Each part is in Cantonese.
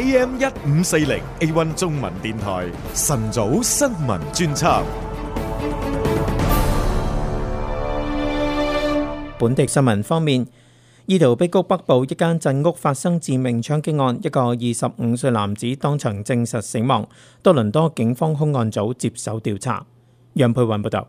AM 一五四零 A One 中文電台晨早新聞專輯。本地新聞方面，怡陶碧谷北部一間鎮屋發生致命槍擊案，一個二十五歲男子當場證實死亡。多倫多警方兇案組接手調查。楊佩雲報道。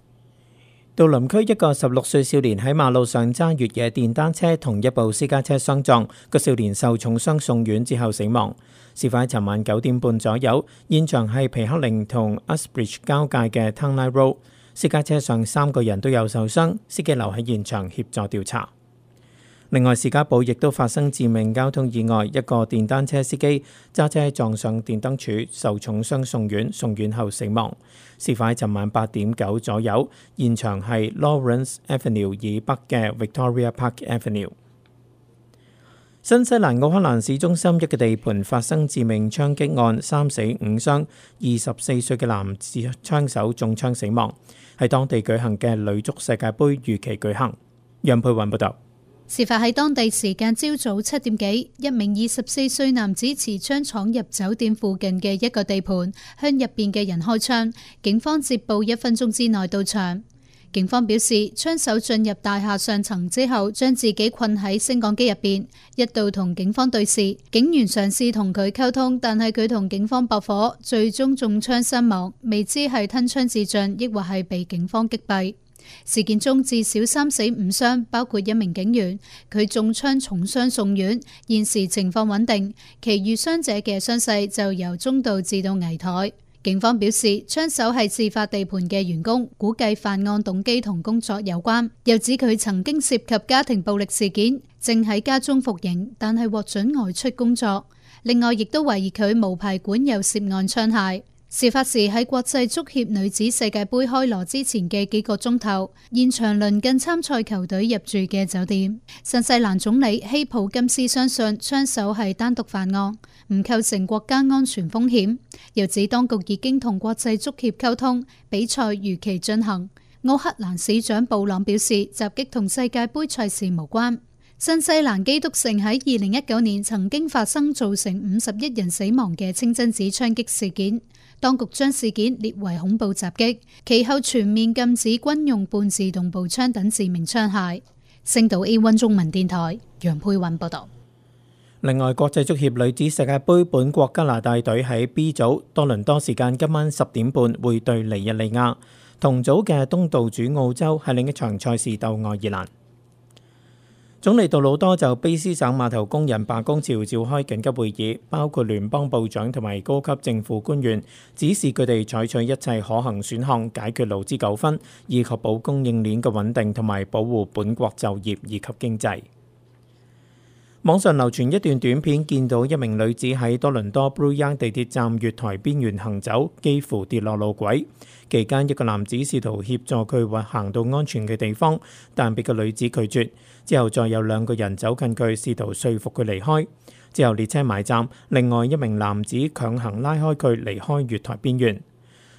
杜林區一個十六歲少年喺馬路上揸越野電單車同一部私家車相撞，個少年受重傷送院之後死亡。事發喺尋晚九點半左右，現場係皮克靈同 Asbridge 交界嘅 Town Line Road。私家車上三個人都有受傷，司機留喺現場協助調查。另外，士嘉堡亦都發生致命交通意外，一個電單車司機揸車撞上電燈柱，受重傷送院，送院後死亡。事發喺尋晚八點九左右，現場係 Lawrence Avenue 以北嘅 Victoria Park Avenue。新西蘭奧克蘭市中心一個地盤發生致命槍擊案，三死五傷，二十四歲嘅男子槍手中槍死亡。喺當地舉行嘅女足世界盃如期舉行。楊佩雲報道。事發喺當地時間朝早七點幾，一名二十四歲男子持槍闖入酒店附近嘅一個地盤，向入邊嘅人開槍。警方接報一分鐘之內到場。警方表示，槍手進入大廈上層之後，將自己困喺升降機入邊，一度同警方對視。警員嘗試同佢溝通，但係佢同警方駁火，最終中槍身亡，未知係吞槍自盡，抑或係被警方擊斃。事件中至少三死五傷，包括一名警員，佢中槍重傷送院，現時情況穩定。其餘傷者嘅傷勢就由中度至到危殆。警方表示，槍手係事發地盤嘅員工，估計犯案動機同工作有關。又指佢曾經涉及家庭暴力事件，正喺家中服刑，但係獲准外出工作。另外，亦都懷疑佢無牌管有涉案槍械。事發時喺國際足協女子世界盃開鑼之前嘅幾個鐘頭，現場鄰近參賽球隊入住嘅酒店。新西蘭總理希普金斯相信槍手係單獨犯案，唔構成國家安全風險。又指當局已經同國際足協溝通，比賽如期進行。奧克蘭市長布朗表示，襲擊同世界盃賽事無關。新西蘭基督城喺二零一九年曾經發生造成五十一人死亡嘅清真寺槍擊事件。當局將事件列為恐怖襲擊，其後全面禁止軍用半自動步槍等致命槍械。星島 A1 中文電台楊佩雲報道。另外，國際足協女子世界杯本國加拿大隊喺 B 組，多倫多時間今晚十點半會對尼日利亞。同組嘅東道主澳洲係另一場賽事鬥愛爾蘭。總理杜魯多就卑斯省碼頭工人罷工潮召開緊急會議，包括聯邦部長同埋高級政府官員，指示佢哋採取一切可行選項解決勞資糾紛，以確保供應鏈嘅穩定同埋保護本國就業以及經濟。網上流傳一段短片，見到一名女子喺多倫多 Bloor-Yonge 地鐵站月台邊緣行走，幾乎跌落路軌。期間，一個男子試圖協助佢或行到安全嘅地方，但被個女子拒絕。之後再有兩個人走近佢，試圖說服佢離開。之後列車埋站，另外一名男子強行拉開佢離開月台邊緣。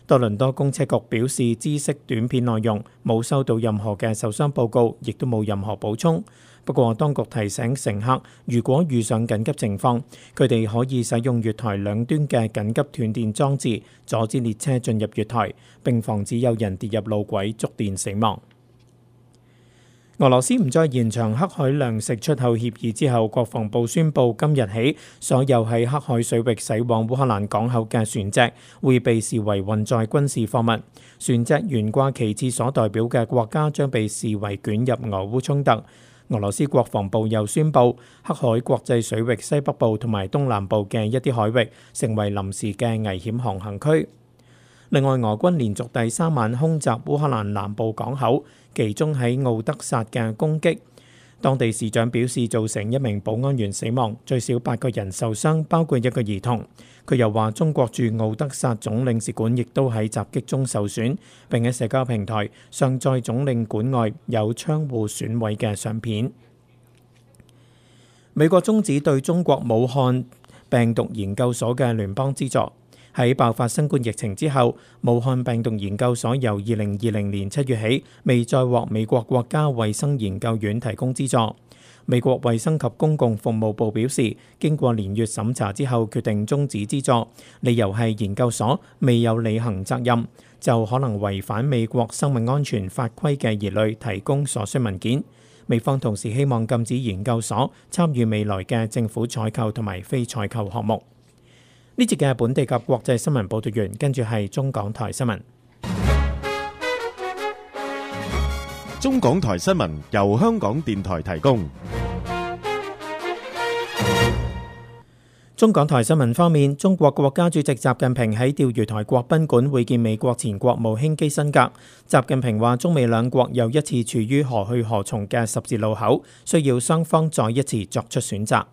多倫多公車局表示，知悉短片內容，冇收到任何嘅受傷報告，亦都冇任何補充。不過，當局提醒乘客，如果遇上緊急情況，佢哋可以使用月台兩端嘅緊急斷電裝置，阻止列車進入月台，並防止有人跌入路軌，觸電死亡。俄羅斯唔再延長黑海糧食出口協議之後，國防部宣布今日起，所有喺黑海水域駛往烏克蘭港口嘅船隻會被視為運載軍事貨物，船隻懸掛旗幟所代表嘅國家將被視為捲入俄烏衝突。俄羅斯國防部又宣布，黑海國際水域西北部同埋東南部嘅一啲海域成為臨時嘅危險航行區。另外，俄軍連續第三晚空襲烏克蘭南部港口，集中喺奧德薩嘅攻擊。當地市長表示，造成一名保安員死亡，最少八個人受傷，包括一個兒童。佢又話，中國駐奧德薩總領事館亦都喺襲擊中受損。並喺社交平台上載總領館外有窗戶損毀嘅相片。美國終止對中國武漢病毒研究所嘅聯邦資助。喺爆發新冠疫情之後，武漢病毒研究所由二零二零年七月起未再獲美國國家衛生研究院提供資助。美國衛生及公共服務部表示，經過年月審查之後，決定終止資助，理由係研究所未有履行責任，就可能違反美國生命安全法規嘅疑慮，提供所需文件。美方同時希望禁止研究所參與未來嘅政府採購同埋非採購項目。呢節嘅本地及國際新聞報道完，跟住係中港台新聞。中港台新聞由香港電台提供。中港台新聞方面，中國國家主席習近平喺釣魚台國賓館會見美國前國務卿基辛格。習近平話，中美兩國又一次處於何去何從嘅十字路口，需要雙方再一次作出選擇。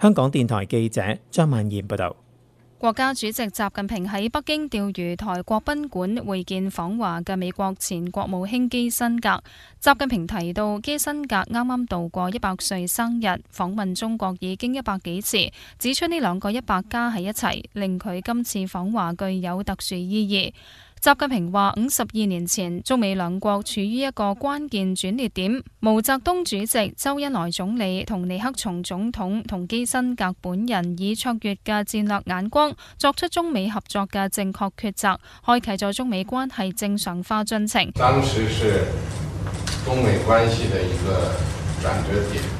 香港電台記者張曼妍報道。國家主席習近平喺北京釣魚台國賓館會見訪華嘅美國前國務卿基辛格。習近平提到，基辛格啱啱度過一百歲生日，訪問中國已經一百幾次，指出呢兩個一百加喺一齊，令佢今次訪華具有特殊意義。習近平話：五十二年前，中美兩國處於一個關鍵轉捩點。毛澤東主席、周恩來總理同尼克松總統同基辛格本人以卓越嘅戰略眼光，作出中美合作嘅正確抉擇，開啟咗中美關係正常化進程。當時是中美關係嘅一個轉折點。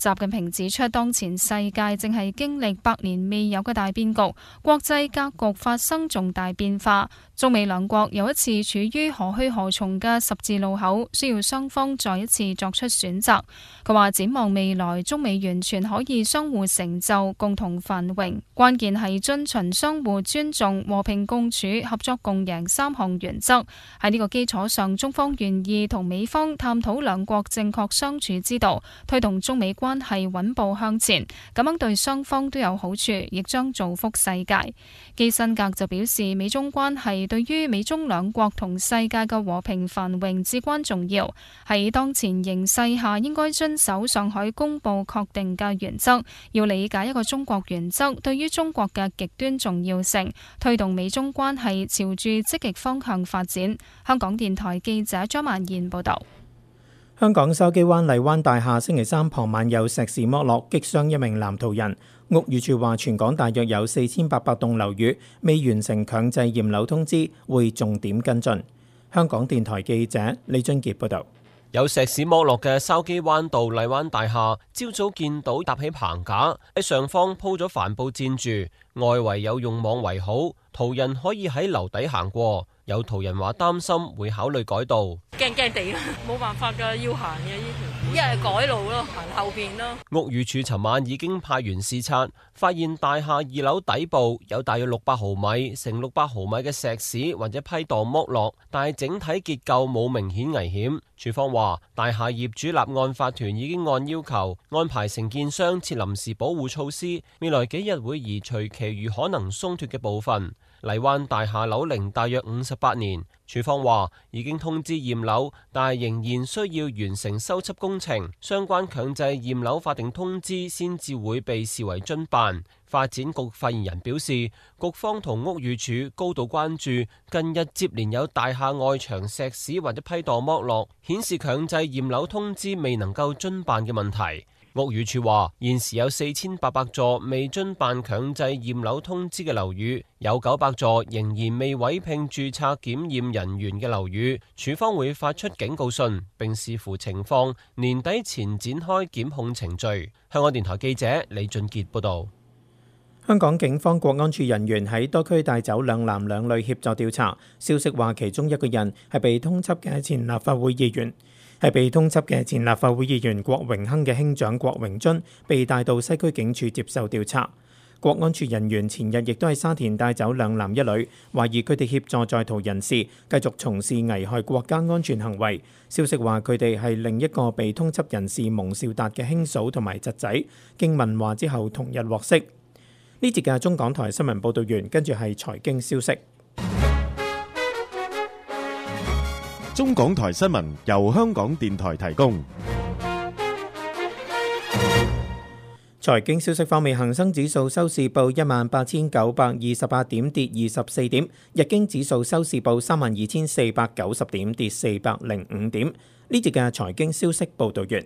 習近平指出，當前世界正係經歷百年未有嘅大變局，國際格局發生重大變化。中美兩國又一次處於何去何從嘅十字路口，需要雙方再一次作出選擇。佢話，展望未來，中美完全可以相互成就、共同繁榮，關鍵係遵循相互尊重、和平共處、合作共贏三項原則。喺呢個基礎上，中方願意同美方探討兩國正確相處之道，推動中美關。關係穩步向前，咁樣對雙方都有好處，亦將造福世界。基辛格就表示，美中關係對於美中兩國同世界嘅和平繁榮至關重要。喺當前形勢下，應該遵守上海公報確定嘅原則，要理解一個中國原則對於中國嘅極端重要性，推動美中關係朝住積極方向發展。香港電台記者張曼燕報道。香港筲箕灣麗灣大廈星期三傍晚有石屎剝落，擊傷一名男途人。屋宇署話，全港大約有四千八百棟樓宇未完成強制驗樓通知，會重點跟進。香港電台記者李俊傑報道。有石屎剝落嘅筲箕灣道麗灣大廈，朝早見到搭起棚架，喺上方鋪咗帆布墊住，外圍有用網圍好，途人可以喺樓底行過。有途人話擔心會考慮改道，驚驚地，冇辦法噶，要行嘅，呢條路，一係改路咯，行後邊咯。屋宇署尋晚已經派員視察，發現大廈二樓底部有大約六百毫米乘六百毫米嘅石屎或者批盪剝落，但係整體結構冇明顯危險。處方話：大廈業主立案法團已經按要求安排承建商設臨時保護措施，未來幾日會移除其餘可能鬆脱嘅部分。荔灣大廈樓齡大約五十八年。處方話已經通知驗樓，但係仍然需要完成修葺工程，相關強制驗樓法定通知先至會被視為遵辦。發展局發言人表示，局方同屋宇署高度關注近日接連有大廈外牆石屎或者批墮剝落，顯示強制驗樓通知未能夠遵辦嘅問題。屋宇署話，現時有四千八百座未遵辦強制驗樓通知嘅樓宇，有九百座仍然未委聘註冊檢驗人員嘅樓宇，署方會發出警告信，並視乎情況年底前展開檢控程序。香港電台記者李俊杰報道。香港警方國安處人員喺多區帶走兩男兩女協助調查，消息話其中一個人係被通緝嘅前立法會議員。係被通緝嘅前立法會議員郭榮鏗嘅兄長郭榮尊被帶到西區警署接受調查。國安處人員前日亦都喺沙田帶走兩男一女，懷疑佢哋協助在逃人士繼續從事危害國家安全行為。消息話，佢哋係另一個被通緝人士蒙兆達嘅兄嫂同埋侄仔。經問話之後，同日獲釋。呢節嘅中港台新聞報導員，跟住係財經消息。中港台新聞由香港電台提供。財經消息方面，恒生指數收市報一萬八千九百二十八點，跌二十四點；日經指數收市報三萬二千四百九十點，跌四百零五點。呢節嘅財經消息報道完。